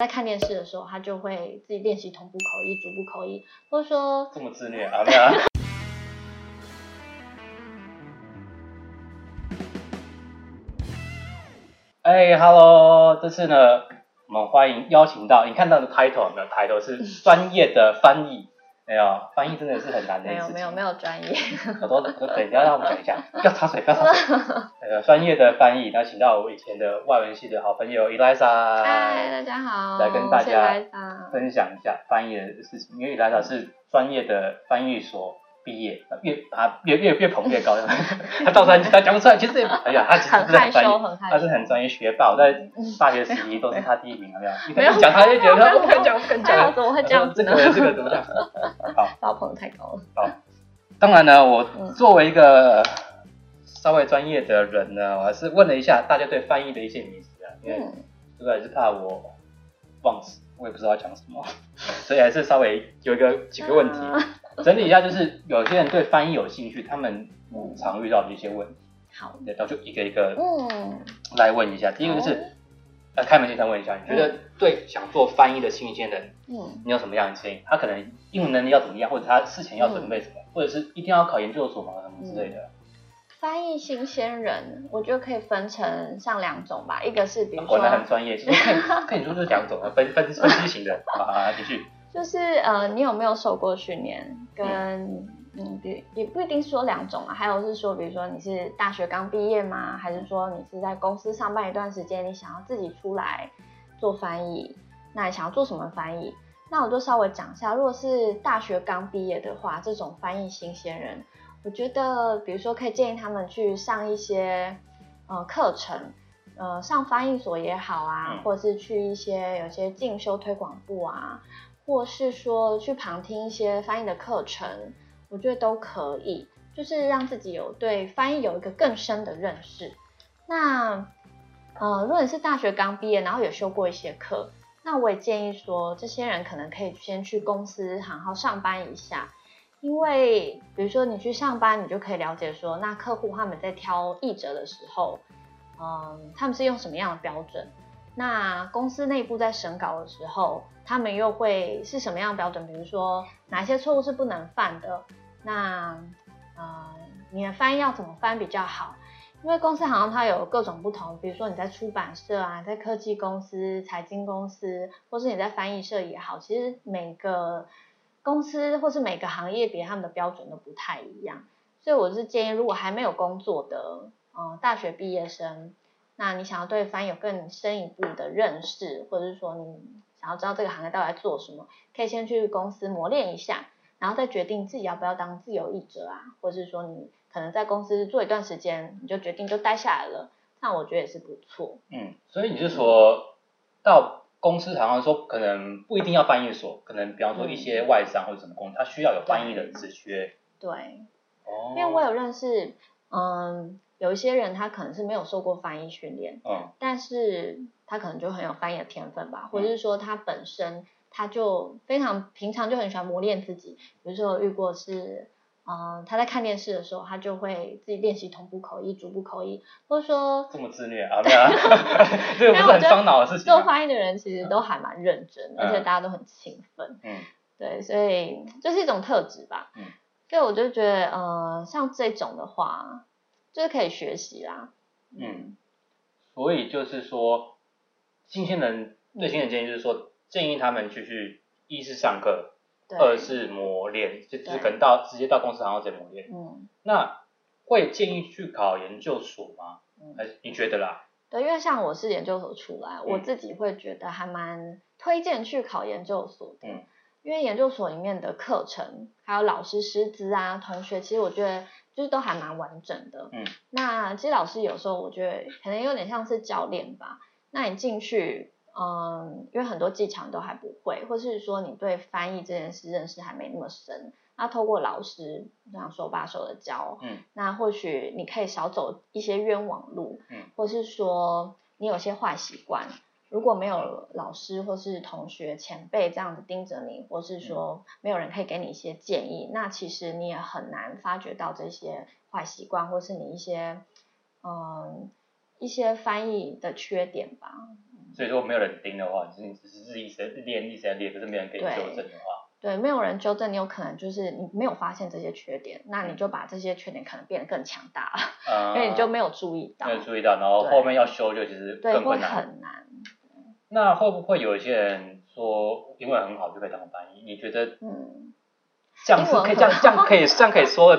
在看電視的時候，他就會自己練習同步口譯、逐步口譯，或者說這麼自虐好不好？哎，Hello，這次呢，我們歡迎邀請到你看到的抬頭沒有？抬頭是專業的翻譯， 沒有？翻譯真的是很難的 沒，沒有沒有沒有專業。好 多等一下，讓我們講一下，不要插嘴，不要插嘴、 嗯。專業的翻譯，那請到我以前的外文系的好朋友 Eliza。嗨 El，Hi, 大家好。來跟大家分享一下翻譯的事情，因為 Eliza 是專業的翻譯所畢業。越啊，越越越捧越高，他到時候他講不出來，其實也哎呀，他其實不是很專業，他是很專業學霸，我在大學時期都是他第一名，有沒有？你講他就覺得他不敢講，不敢講，怎麼會這樣？這個這個等一下，好，把我捧得太高了。好，當然呢，我作為一個稍微專業的人呢，我還是問了一下大家對翻譯的一些名詞啊，因為這個也是怕我。忘詞，我也不知道講什麼，所以還是稍微有一個幾個問題，整理一下，就是有些人對翻譯有興趣，他們常遇到的一些問題。好、嗯，那我就一個一個嗯來問一下。第一個就是，好呃，開門見山問一下，嗯、你覺得對想做翻譯的新鮮人，嗯，你有什麼樣的建議？他可能英文能力要怎麼樣，或者他事前要準備什麼，嗯、或者是一定要考研究所嗎？什麼之類的？嗯嗯翻譯新鮮人，我覺得可以分成上兩種吧，一個是比如說，我很、啊、專業型。跟你說是兩種啊，分分分型的，來繼續。就是呃，你有沒有受過訓練？跟嗯，比、嗯、也不一定說兩種啊。還有是說，比如說你是大學剛畢業嗎？還是說你是在公司上班一段時間，你想要自己出來做翻譯？那你想要做什麼翻譯？那我就稍微講一下。如果是大學剛畢業的話，這種翻譯新鮮人。我覺得，比如說，可以建議他們去上一些，呃，課程，呃，上翻譯所也好啊，或者是去一些有些進修推廣部啊，或是說去旁聽一些翻譯的課程，我覺得都可以，就是讓自己有對翻譯有一個更深的認識。那，呃，如果你是大學剛畢業，然後有修過一些課，那我也建議說，這些人可能可以先去公司好好上班一下。因為，比如說你去上班，你就可以了解說，那客戶他們在挑譯者的時候，嗯，他們是用什麼樣的標準？那公司內部在審稿的時候，他們又會是什麼樣的標準？比如說哪些錯誤是不能犯的？那，嗯，你的翻譯要怎麼翻比較好？因為公司好像它有各種不同，比如說你在出版社啊，在科技公司、財經公司，或是你在翻譯社也好，其實每個。公司或是每個行業，比他們的標準都不太一樣，所以我是建議，如果還沒有工作的，嗯、呃，大學畢業生，那你想要對翻譯有更深一步的認識，或者是說你想要知道這個行業到底在做什麼，可以先去公司磨練一下，然後再決定自己要不要當自由譯者啊，或者是說你可能在公司做一段時間，你就決定就待下來了，那我覺得也是不錯。嗯，所以你就說、嗯、到。公司常常說，可能不一定要翻譯所，可能比方說一些外商或者什麼公司，他、嗯、需要有翻譯的職缺。對，哦、因為我有認識，嗯，有一些人他可能是沒有受過翻譯訓練，嗯，但是他可能就很有翻譯的天分吧，或者是說他本身他就非常平常就很喜歡磨練自己，比如說有遇過是。嗯、呃，他在看電視的時候，他就會自己練習同步口譯、逐步口譯，或者說這麼自虐啊，對啊，這個不是很傷腦的事情、啊。做翻譯的人其實都還蠻認真，嗯、而且大家都很勤奮，嗯，對，所以這是一種特質吧。嗯，所以我就覺得，呃，像這種的話，就是可以學習啦。嗯，嗯所以就是說，新鮮人的建議就是說，嗯、建議他們去去，一是上課。二對是磨練，就是可能到對直接到公司然後，再磨練。嗯，那會建議去考研究所嗎？嗯，你覺得啦？對，因為像我是研究所出來，嗯、我自己會覺得還蠻推薦去考研究所的。嗯，因為研究所裡面的課程還有老師師資啊、同學，其實我覺得就是都還蠻完整的。嗯，那其實老師有時候我覺得可能有點像是教練吧。那你進去。嗯，因為很多技巧都還不會，或是說你對翻譯這件事認識還沒那麼深，那透過老師這樣手把手的教，嗯，那或許你可以少走一些冤枉路，嗯，或是說你有些壞習慣，如果沒有老師或是同學前輩這樣子盯着你，或是說沒有人可以給你一些建議，嗯、那其實你也很難發覺到這些壞習慣，或是你一些嗯一些翻譯的缺點吧。所以說，沒有人盯的話，你只是自己一直練，一直練一直練，可是沒人可以糾正的話。對，對，沒有人糾正，你有可能就是你沒有發現這些缺點，嗯、那你就把這些缺點可能變得更強大了，嗯、因為你就沒有注意到，沒有注意到，然後後面要修就其實對，對會很難。那會不會有一些人說英文很好就可以當翻譯？你覺得嗯，這樣是可以，嗯、這樣 這樣可以，這樣可以說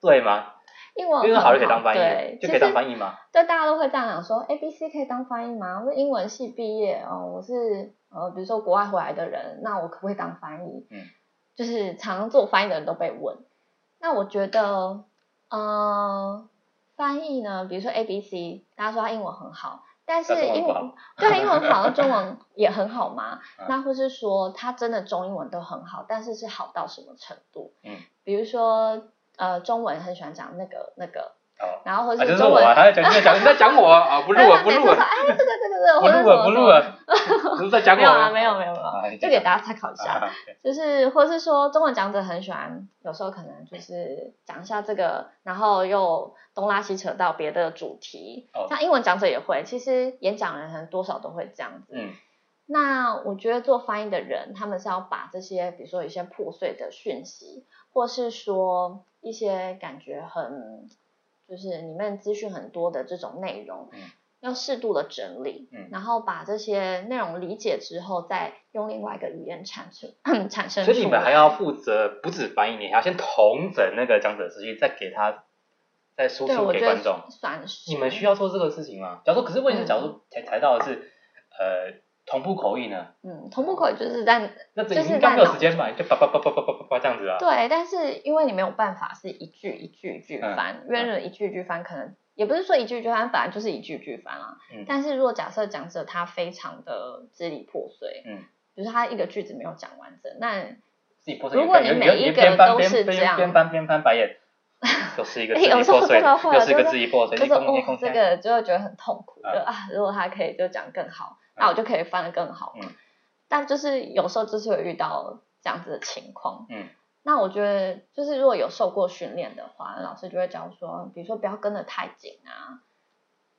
對嗎？英文好，好可對就可以當翻譯，就可以當翻譯嗎？對，大家都會這樣講說，A、B、C 可以當翻譯嗎？我說英文系畢業哦、嗯，我是呃，比如說國外回來的人，那我可不可以當翻譯？嗯，就是常常做翻譯的人都被問。那我覺得，呃，翻譯呢，比如說 A、B、C，大家說他英文很好，但是英文對 英，英文好，中文也很好嗎？啊、那或是說他真的中英文都很好，但是是好到什麼程度？嗯，比如說。呃，中文很喜歡講那個那個，然後或是中文。講講，你在講我啊？不錄了，不錄了。哎這個這個這個，不錄了不錄了。不是在講我。沒有了，沒有沒有沒有，就給大家參考一下，就是或是說中文講者很喜歡，有時候可能就是講一下這個，然後又東拉西扯到別的主題。像英文講者也會，其實演講人可能多少都會這樣子。那我覺得做翻譯的人，他們是要把這些，比如說一些破碎的訊息，或是說。一些感覺很，就是裡面資訊很多的這種內容，嗯，要適度的整理，嗯，然後把這些內容理解之後，再用另外一個語言產生出，產生。所以你們還要負責不止翻譯，你還要先統整，那個講者資訊，再給他再輸出給觀眾，算是你們需要做這個事情嗎？假如說，可是魏哲的角度才談到的是，呃。同步口譯呢？嗯，同步口譯就是在，那就是剛好沒有時間嘛，你就叭叭叭叭叭叭叭這樣子啊。對，但是因為你沒有辦法是一句一句句翻，因為人一句一句翻，可能也不是說一句一句翻，反正就是一句一句翻啊。但是如果假設講者他非常的支離破碎，嗯，比如說他一個句子沒有講完整，那如果你每一個都是這樣，邊翻邊翻白眼，又是一個支離破碎，又是一個支離破碎的。這個就會覺得很痛苦，就啊，如果他可以就講更好。那我就可以翻的更好嘛，嗯、但就是有時候就是會遇到這樣子的情況，嗯，那我覺得就是如果有受過訓練的話，老師就會教說，比如說不要跟得太緊啊，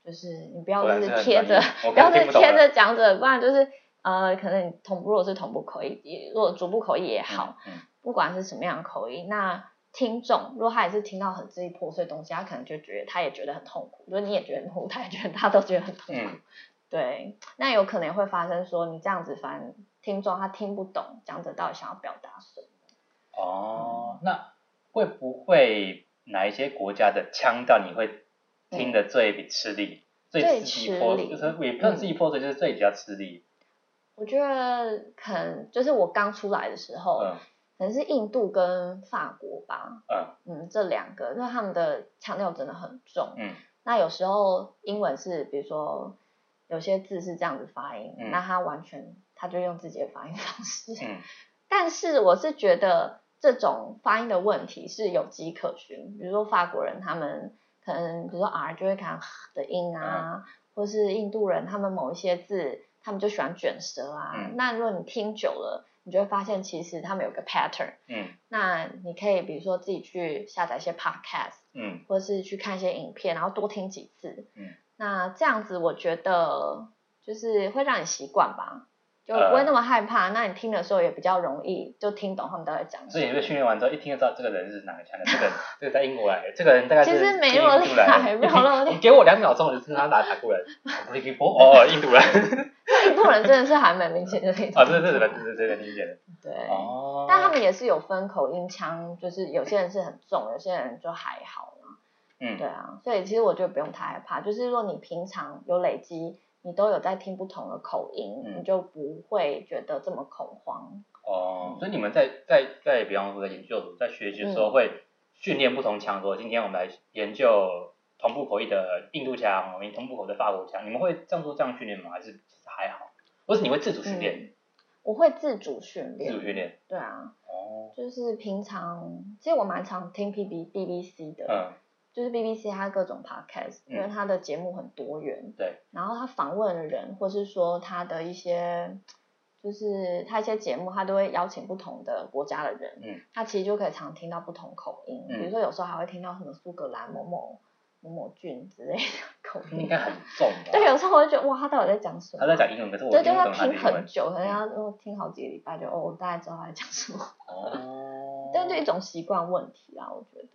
就是你不要就是貼着，不，不要是貼着講者，不然就是呃，可能你同步如果是同步口譯也，如果逐步口譯也好，嗯，嗯，不管是什麼樣的口譯，那聽眾如果他也是聽到很支離破碎的東西，他可能就覺得他也覺得很痛苦，就是你也覺得痛苦，他也覺得他都覺得很痛苦。嗯對，那有可能會發生說你這樣子翻，聽眾他聽不懂講者到底想要表達什麼。哦，那會不會哪一些國家的腔調你會聽得最吃力、嗯、最吃力破，就是也不是最吃力破，就是最比較吃力？我覺得可能就是我剛出來的時候，嗯、可能是印度跟法國吧。嗯嗯，這兩個，因為他們的腔調真的很重。嗯，那有時候英文是比如說。有些字是這樣子發音，嗯、那他完全他就用自己的發音方式。嗯、但是我是覺得這種發音的問題是有跡可循。比如說法國人，他們可能比如說 R 就會卡的音啊，嗯、或是印度人他們某一些字，他們就喜歡捲舌啊。嗯、那如果你聽久了，你就會發現其實他們有個 pattern。嗯，那你可以比如說自己去下載一些 podcast，嗯，或是去看一些影片，然後多聽幾次。嗯。那這樣子，我覺得就是會讓你習慣吧，就不會那麼害怕。啊、那你聽的時候也比較容易就聽懂他們都在講。所以你被訓練完之後，一聽就知道這個人是哪個腔的。這個這個在英國來的，這個人大概其實沒有那麼難聽，你、嗯、給我兩秒鐘，我就聽他哪哪國人。Pakistani，哦，印度人。 印度人真的是還蠻明、， 哦、明顯的。啊，這這人這這個明顯的。對。哦。但他們也是有分口音腔，就是有些人是很重，有些人就還好。嗯，對啊，所以其實我就不用太害怕，就是如果你平常有累積，你都有在聽不同的口音，嗯、你就不會覺得這麼恐慌。哦，所以你們在在在比方說在研究所在學習的時候，會訓練不同腔格。嗯、說今天我們來研究同步口譯的印度腔，我們同步口的法國腔，你們會這樣做這樣訓練嗎？還是還好，或是你會自主訓練、嗯？我會自主訓練，自主訓練，對啊，哦，就是平常其實我蠻常聽 P B B B C 的，嗯。就是 BBC 它各種 Podcast，嗯、因為它的節目很多元，對。然後它訪問的人，或是說它的一些，就是它一些節目，它都會邀請不同的國家的人，嗯。它其實就可以常聽到不同口音，嗯、比如說有時候還會聽到什麼蘇格蘭某某某某郡之類的口音，應該很重。對，有時候我會覺得哇，他到底在講什麼啊？他在講英文，可是我聽不懂。聽很久，嗯、可能要哦聽好幾個禮拜就，就哦我大概知道他在講什麼。哦。但這一種習慣問題啊，我覺得。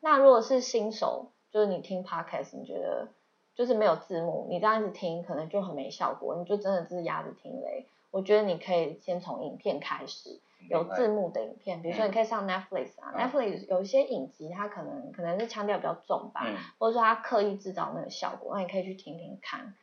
那如果是新手，就是你聽 Podcast，你覺得就是沒有字幕，你這樣子聽可能就很沒效果，你就真的只是鴨子聽雷。我覺得你可以先從影片開始，有字幕的影片，比如說你可以上 Netflix 啊、嗯、，Netflix 有一些影集，它可能可能是腔調比較重吧，嗯、或者說它刻意制造那個效果，那你可以去聽聽看。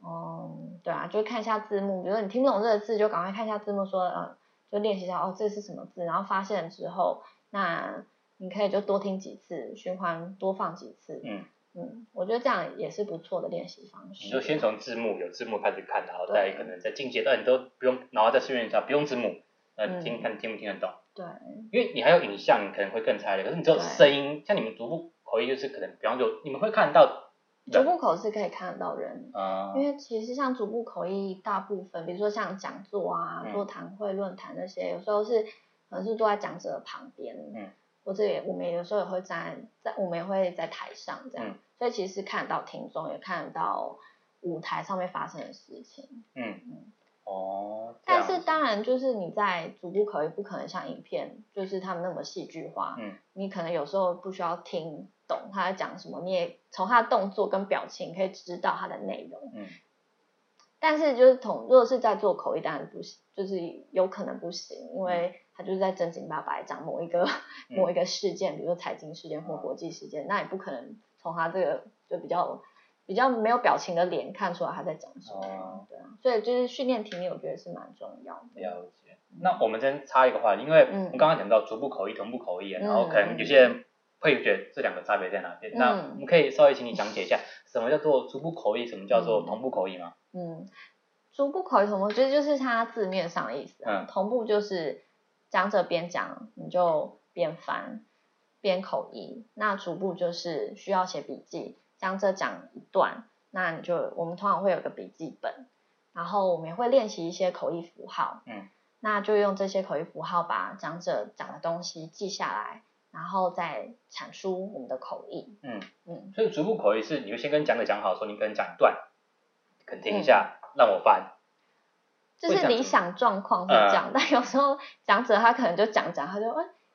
哦、嗯，對啊，就看一下字幕，比如說你聽不懂這個字，就趕快看一下字幕，說呃、嗯，就練習一下哦這是什麼字，然後發現了之後，那。你可以就多聽幾次，循環多放幾次。嗯嗯，我覺得這樣也是不錯的練習方式。你就先從字幕有字幕開始看好，然後再可能在進階，但、啊、你都不用，然後再訓練一下，不用字幕，啊、你聽看聽不聽得懂。嗯、對，因為你還有影像，你可能會更差一點。可是你只有聲音，對像你們逐步口譯就是可能，比方說你們會看得到，逐步口是可以看得到人。啊、嗯，因為其實像逐步口譯，大部分比如說像講座啊、座談會、論壇那些，嗯、有時候是可能是坐在講者旁邊。嗯。我這也，我們有時候也會在在我們也會在台上這樣，嗯、所以其實看得到聽眾也看得到舞台上面發生的事情，嗯嗯，哦。但是當然就是你在逐步口譯不可能像影片就是他們那麼戲劇化，嗯，你可能有時候不需要聽懂他在講什麼，你也從他的動作跟表情可以知道他的內容，嗯。但是就是同如果是在做口譯，當然不行，就是有可能不行，因為、嗯。他就是在正經八百講某一個、嗯、某一個事件，比如說財經事件或國際事件，嗯、那也不可能從他這個就比較比較沒有表情的臉看出來他在講什麼，哦、對啊，所以就是訓練聽力，我覺得是蠻重要的。了解。那我們先插一個話，因為我們剛剛講到逐步口譯、同步口譯，嗯、然後可能有些人會覺得這兩個差別在哪裡？嗯、那我們可以稍微請你講解一下，嗯、什麼叫做逐步口譯？什麼叫做同步口譯嗎？嗯，逐步口譯、同步，其實就是它字面上的意思。嗯，同步就是。講者邊講，你就邊翻，邊口譯。那逐步就是需要寫筆記。講者講一段，那你就，我們通常會有個筆記本，然後我們也會練習一些口譯符號。嗯，那就用這些口譯符號把講者講的東西記下來，然後再闡述我們的口譯。嗯嗯，嗯所以逐步口譯是你就先跟講者講好說，你可能講一段肯定一下，嗯、讓我翻。就是理想狀況是這樣，但有時候講者他可能就講講，他就，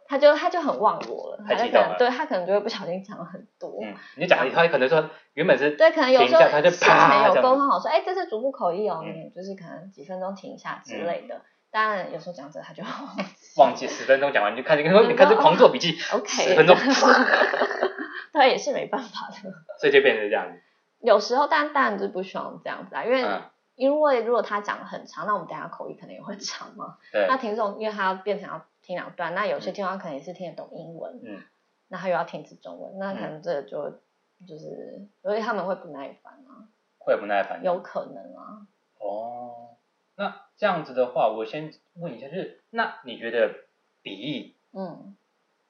他就他就很忘我了，他就可能對他可能就會不小心講了很多。嗯，你講他可能說原本是對，可能有時候他就沒有溝通好說，哎，這是逐步口譯哦，就是可能幾分鐘停一下之類的。但有時候講者他就忘記十分鐘講完就開始，你說你看這狂做筆記，OK，十分鐘。他也是沒辦法的，所以就變成這樣有時候，但當然就不喜歡這樣子啊，因為。因為如果他講得很長，那我們等下口譯可能也會長嘛。對。那聽眾因為他要變成要聽兩段，那有些聽眾可能也是聽得懂英文。嗯。那他又要停止中文，嗯、那可能這就就是，所以他們會不耐煩啊。會不耐煩。有可能啊。哦。那這樣子的話，我先問一下，就是那你覺得筆譯，嗯，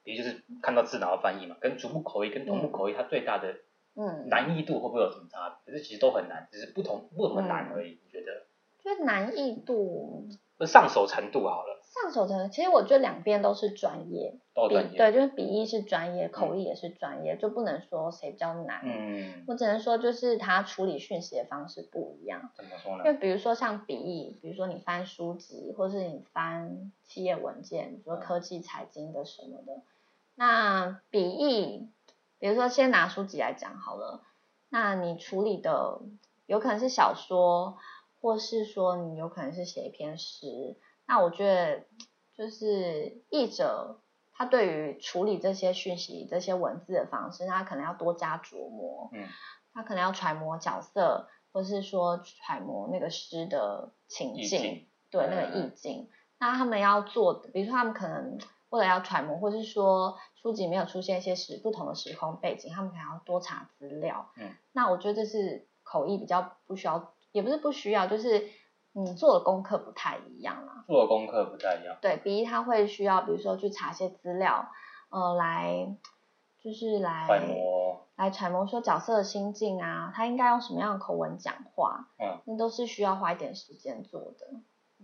筆譯就是看到字然後翻譯嘛，跟逐步口譯跟同步口譯，口譯它最大的、嗯。嗯，難易度會不會有什麼差別？可是其實都很難，只是不同不同難而已。嗯、你覺得？就難易度，上手程度好了。上手程度，其實我覺得兩邊都是專業，都專業，對，就是筆譯是專業，嗯、口譯也是專業，就不能說誰比較難。嗯。我只能說，就是他處理訊息的方式不一樣。怎麼說呢？因為比如說像筆譯，比如說你翻書籍，或是你翻企業文件，比如說科技、財經的什麼的，嗯、那筆譯。比如說，先拿書籍來講好了。那你處理的有可能是小說，或是說你有可能是寫一篇詩。那我覺得，就是譯者他對於處理這些訊息、這些文字的方式，他可能要多加琢磨。嗯。他可能要揣摩角色，或是說揣摩那個詩的情境，意境。對那個意境。嗯。那他們要做的，比如說他們可能。或者要揣摩，或者是說書籍沒有出現一些時不同的時空背景，他們可能要多查資料。嗯，那我覺得這是口譯比較不需要，也不是不需要，就是你做的功課不太一樣了。做的功課不太一樣。對，筆譯他會需要，比如說去查一些資料，呃，來就是來揣摩，來揣摩說角色的心境啊，他應該用什麼樣的口吻講話。嗯，那都是需要花一點時間做的。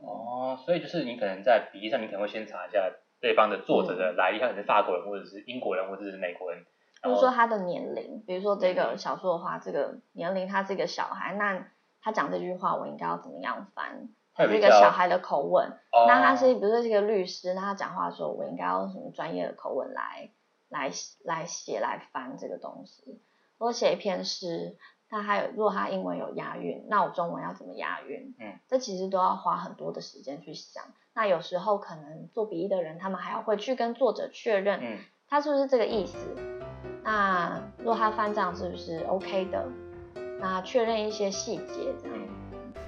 哦，所以就是你可能在筆譯上，你可能會先查一下。對方的作者的來歷，他可能是法國人，或者是英國人，或者是美國人。比如說他的年齡，比如說這個小說的話，嗯、這個年齡，他是一個小孩，那他講這句話，我應該要怎麼樣翻？他是一個小孩的口吻，哦、那他是比如說是一個律師，那他講話說，我應該要用什麼專業的口吻來來，來寫來翻這個東西？如果寫一篇詩。那還有，如果他英文有押韻，那我中文要怎麼押韻？嗯，這其實都要花很多的時間去想。那有時候可能做筆譯的人，他們還要會去跟作者確認，嗯，他是不是這個意思？嗯、那如果他翻賬是不是 OK 的？那確認一些細節這樣。嗯